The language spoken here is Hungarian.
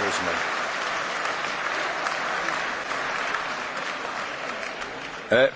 Grüß mal.